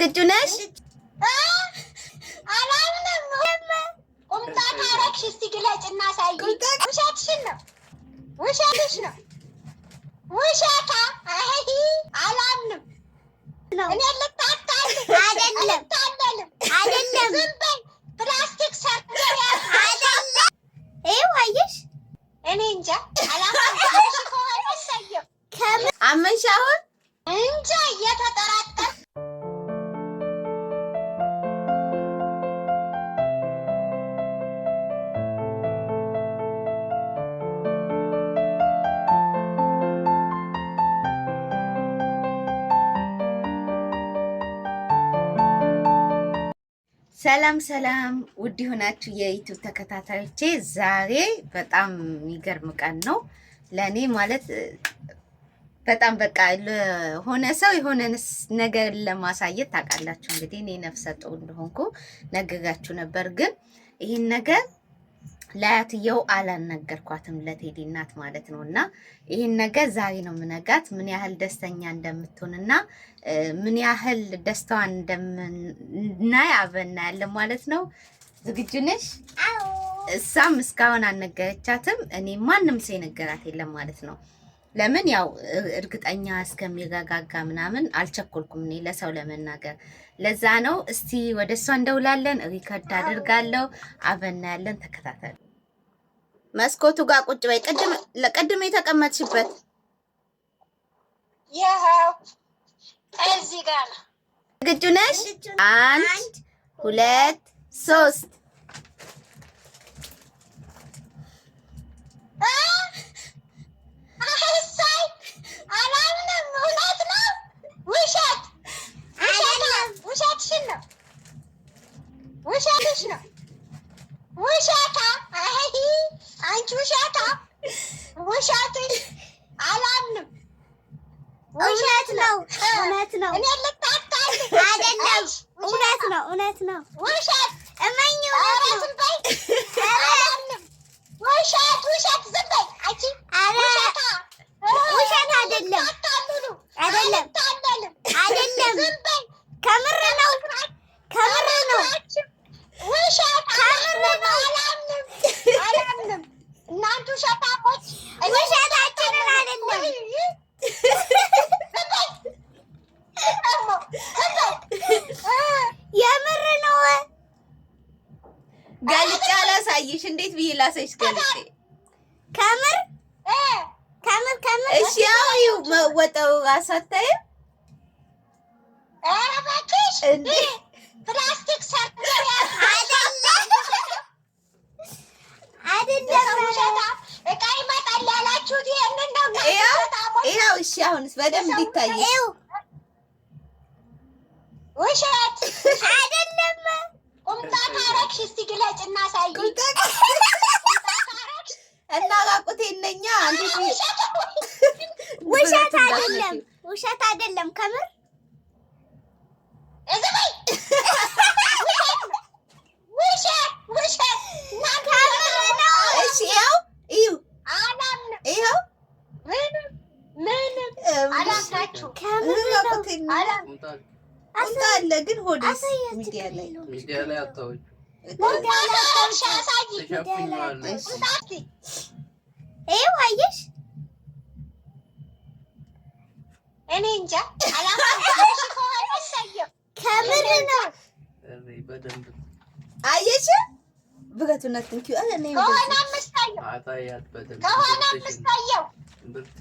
ዝግጁ ነሽ? ቁምጣ ታረግሽ እስቲ ግለጭ እና ውሸትሽን ነው ውሸትሽ ነው ውሸታ። አላምንም። እኔ ልታታልም አይደለም አይደለም፣ ዝም በይ ፕላስቲክ ሰ ሰላም ሰላም ውድ የሆናችሁ የዩቱብ ተከታታዮቼ ዛሬ በጣም የሚገርም ቀን ነው ለእኔ። ማለት በጣም በቃ ለሆነ ሰው የሆነ ነገር ለማሳየት ታውቃላችሁ እንግዲህ እኔ ነፍሰ ጡር እንደሆንኩ ነግጋችሁ ነበር፣ ግን ይህን ነገር ለአያትየው አላነገርኳትም ለቴዲ እናት ማለት ነው። እና ይህን ነገር ዛሬ ነው ምነጋት ምን ያህል ደስተኛ እንደምትሆን እና ምን ያህል ደስታዋን እንደምናይ አብረን እናያለን ማለት ነው። ዝግጁ ነሽ? እሷም እስካሁን አልነገረቻትም። እኔ ማንም ሰው የነገራት የለም ማለት ነው። ለምን ያው እርግጠኛ እስከሚረጋጋ ምናምን አልቸኮልኩም እኔ ለሰው ለመናገር ለዛ ነው። እስቲ ወደ እሷ እንደውላለን፣ ሪከርድ አድርጋለሁ፣ አበና ያለን ተከታተል። መስኮቱ ጋር ቁጭ በይ። ቅድም የተቀመጥሽበት እዚህ ጋር ነው። ዝግጁ ነሽ? አንድ ሁለት ሶስት እውነት ነው አይደለም? እውነት ነው፣ እውነት ነው። ውሸት እመኝ ብዬ ላሳይሽ ገልጬ ከምር ከምር ከምር። እሺ ያው መወጠው አሳታይም ኧረ እባክሽ እንደ ፕላስቲክ ሰርተሽ እቃ ይመጣል ያላችሁት ይሄንን ነው። ይኸው እሺ፣ አሁንስ በደንብ እንዲታይ ውሸት አይደለም። ቁምጣ ታረግሽ፣ እስቲ ግለጭ እና እና ራቁቴ ነኛ። ውሸት አይደለም፣ ውሸት አይደለም፣ ከምር አለ ግን ሆዴስ ሚዲያ ላይ ሚዲያ ላይ አታውቂ ይኸው eh, አየሽ፣ እኔ እንጃ ከምር ነው። አየሽ ብረቱነት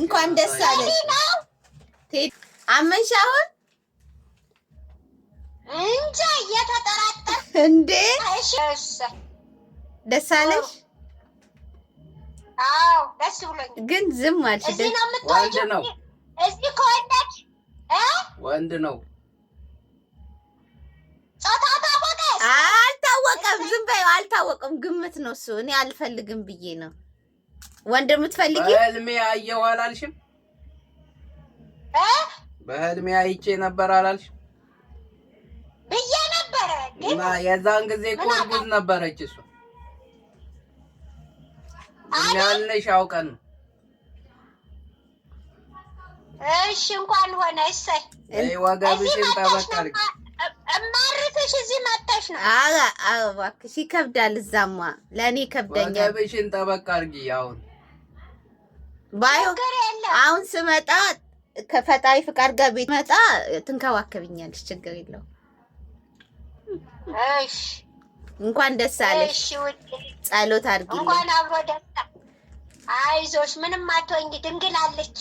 እንኳን ደስ አለሽ። አመንሽ አሁን እንጃ እየተጠራጠር እንዴ ደስ አለሽ። ደስ ብሎኛል። ግን ዝም አልሽ። ነው እዚህ ወንድ ነው አልታወቀም። ዝም አልታወቀም። ግምት ነው እሱ። እኔ አልፈልግም ብዬ ነው። ወንድ የምትፈልጊ በህልሜ አየሁ አላልሽም? በህልሜ አይቼ ነበር አላልሽም ብዬ ነበረ የዛን ጊዜ እኮ እርጉዝ ነበረች ያለሽ አውቀን እሺ እንኳን ሆነ። እሰይ ወገብሽን ጠበቃል። እማርትሽ እዚህ መጥተሽ ነው። አዎ አዎ፣ እባክሽ ይከብዳል። እዛማ ለእኔ ይከብደኛል። ወገብሽን ጠበቅ አድርጊ። አሁን ባይሆን አሁን ስመጣ ከፈጣሪ ፍቃድ ጋር ቤት መጣ ትንከባከብኛለች። ችግር የለውም። እሺ እንኳን ደስ አለሽ። ጸሎት አድርጊ። እንኳን አብሮ ደስታ። አይዞሽ፣ ምንም አትሆኝ፣ ድንግል አለች።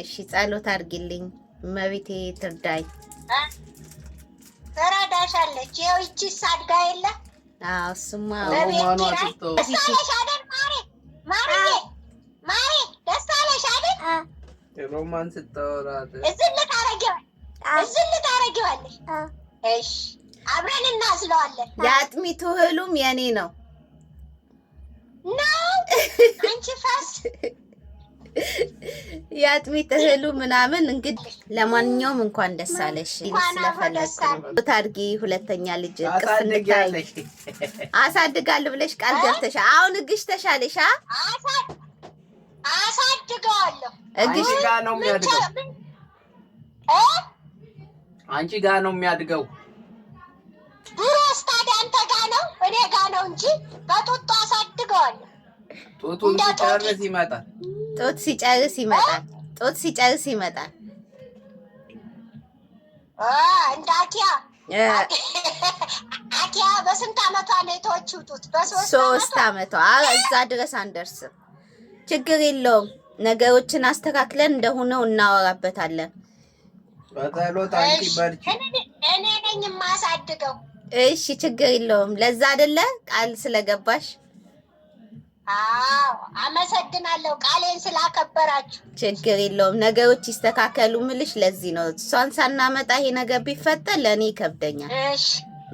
እሺ፣ ጸሎት አድርጊልኝ። እመቤቴ ትርዳይ፣ ትረዳሻለች። ይኸው ይቺ ሳድጋ የለ እሱማ ሮማን ስታወራ እዚህ ልታረጊዋለሽ። እሺ አብረን እናስለዋለን። የአጥሚቱ እህሉም የኔ ነው ነው አንቺ ፋስ የአጥሚት እህሉ ምናምን እንግዲህ ለማንኛውም እንኳን ደስ አለሽ። ታድጊ ሁለተኛ ልጅ ቅፍ እንድታይ አሳድጋለሁ ብለሽ ቃል አሁን እግሽ ተሻለሽ? አሳድገዋለሁ። እግሽ አንቺ ጋር ነው የሚያድገው እናንተ ጋ ነው እኔ ጋ ነው እንጂ በጡጦ አሳድገዋል ጡቱን ሲጨርስ ይመጣል። ጡት ሲጨርስ ይመጣል። ጡት ሲጨርስ ይመጣል። እንደ አኪያ አኪያ በስንት አመቷ ነው የተወችው ጡት? በሶስት አመቷ። እዛ ድረስ አንደርስም። ችግር የለውም። ነገሮችን አስተካክለን እንደሆነው እናወራበታለን። እኔ ነኝ የማሳድገው እሺ ችግር የለውም። ለዛ አይደለ ቃል ስለገባሽ። አዎ አመሰግናለሁ፣ ቃሌን ስላከበራችሁ። ችግር የለውም። ነገሮች ይስተካከሉ ምልሽ ለዚህ ነው። እሷን ሳናመጣ ይሄ ነገር ቢፈጠር ለእኔ ይከብደኛል። እሺ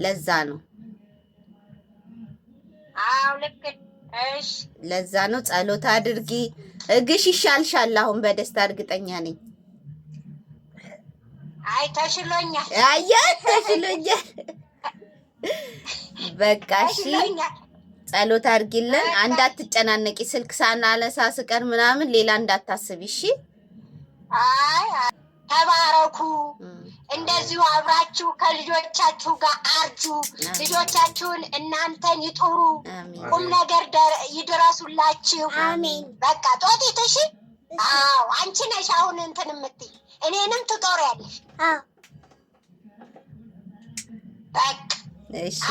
ለዛ ነው። አዎ ልክ እሺ፣ ለዛ ነው። ጸሎት አድርጊ፣ እግሽ ይሻልሻል። አሁን በደስታ እርግጠኛ ነኝ። አይ ተሽሎኛል፣ አየ ተሽሎኛል። በቃ እሺ፣ ጸሎት አድርጊልን። እንዳትጨናነቂ፣ ስልክ ሳናነሳ ስቀር ምናምን ሌላ እንዳታስብ እሺ፣ ተባረኩ። እንደዚሁ አብራችሁ ከልጆቻችሁ ጋር አርጁ። ልጆቻችሁን እናንተን ይጥሩ፣ ቁም ነገር ይድረሱላችሁ። አሜን። በቃ ጦጢት። እሺ፣ አዎ፣ አንቺ ነሽ አሁን እንትን የምትይ እኔንም ያለሽ በቃ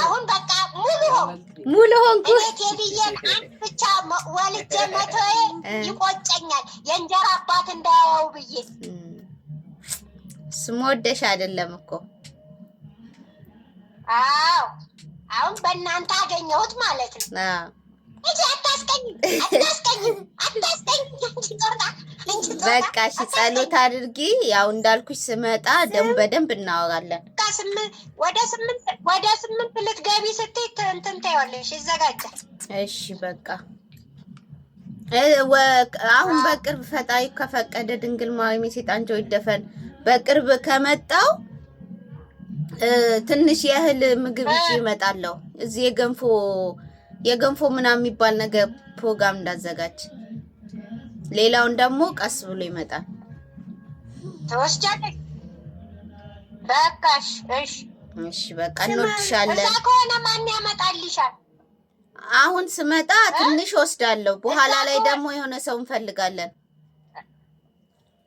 አሁን በቃ ሙሉ ሙሉ ሆንኩ። ቴዲዬን አንድ ብቻ ወልጄ መቶዬ ይቆጨኛል፣ የእንጀራ አባት እንዳያየው ብዬ ወደሽ አይደለም እኮ አዎ፣ አሁን በእናንተ አገኘሁት ማለት ነው። አታስቀኝም፣ አታስቀኝም፣ አታስቀኝም ጦርታ በቃ እሺ፣ ጸሎት አድርጊ። ያው እንዳልኩሽ ስመጣ ደግሞ በደንብ እናወራለን። ወደ ስምንት ወደ ስምንት ልትገቢ ስትይ እንትን ታይዋለሽ፣ ይዘጋጃል። እሺ በቃ አሁን በቅርብ ፈጣሪ ከፈቀደ ድንግል ማርያም የሴጣን ጆሮ ይደፈን። በቅርብ ከመጣው ትንሽ የእህል ምግብ ይዤ እመጣለሁ። እዚህ የገንፎ የገንፎ ምናምን የሚባል ነገር ፕሮግራም እንዳዘጋጅ ሌላውን ደግሞ ቀስ ብሎ ይመጣል። ትወስጃለሽ። በቃሽ። እሺ፣ እሺ፣ በቃ እንወድሻለን። እዛ ከሆነ ማን ያመጣልሻል? አሁን ስመጣ ትንሽ ወስዳለሁ። በኋላ ላይ ደግሞ የሆነ ሰው እንፈልጋለን።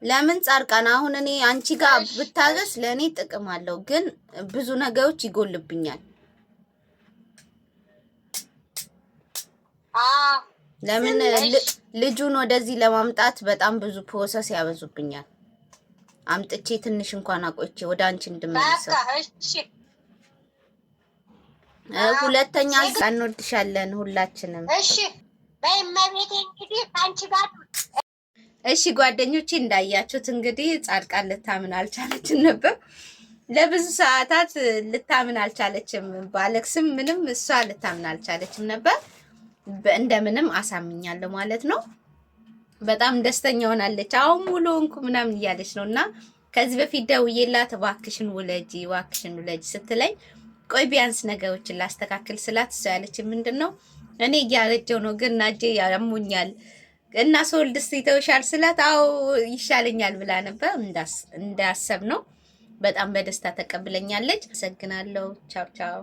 ለምን ጻርቃን፣ አሁን እኔ አንቺ ጋር ብታገስ ለእኔ ጥቅም አለው፣ ግን ብዙ ነገሮች ይጎልብኛል። ለምን ልጁን ወደዚህ ለማምጣት በጣም ብዙ ፕሮሰስ ያበዙብኛል። አምጥቼ ትንሽ እንኳን አቆቼ ወደ አንቺ እንድመልሰው። ሁለተኛ እንወድሻለን ሁላችንም። እሺ በእመቤቴ እንግዲህ ከአንቺ ጋር እሺ ጓደኞቼ እንዳያችሁት እንግዲህ ጻድቃን ልታምን አልቻለችም ነበር። ለብዙ ሰዓታት ልታምን አልቻለችም። ባለቅስም ምንም እሷ ልታምን አልቻለችም ነበር። እንደምንም አሳምኛለሁ ማለት ነው። በጣም ደስተኛ ሆናለች። አሁን ሙሉ እንኩ ምናምን እያለች ነው እና ከዚህ በፊት ደውዬላት እባክሽን ውለጂ እባክሽን ውለጂ ስትለኝ ቆይ ቢያንስ ነገሮችን ላስተካክል ስላት እሷ ያለች ምንድን ነው እኔ እያረጀው ነው ግን ናጄ ያሙኛል እና ሶልድስ ይተውሻል ስላት አዎ ይሻለኛል ብላ ነበር። እንዳሰብ ነው በጣም በደስታ ተቀብለኛለች። አመሰግናለሁ። ቻው ቻው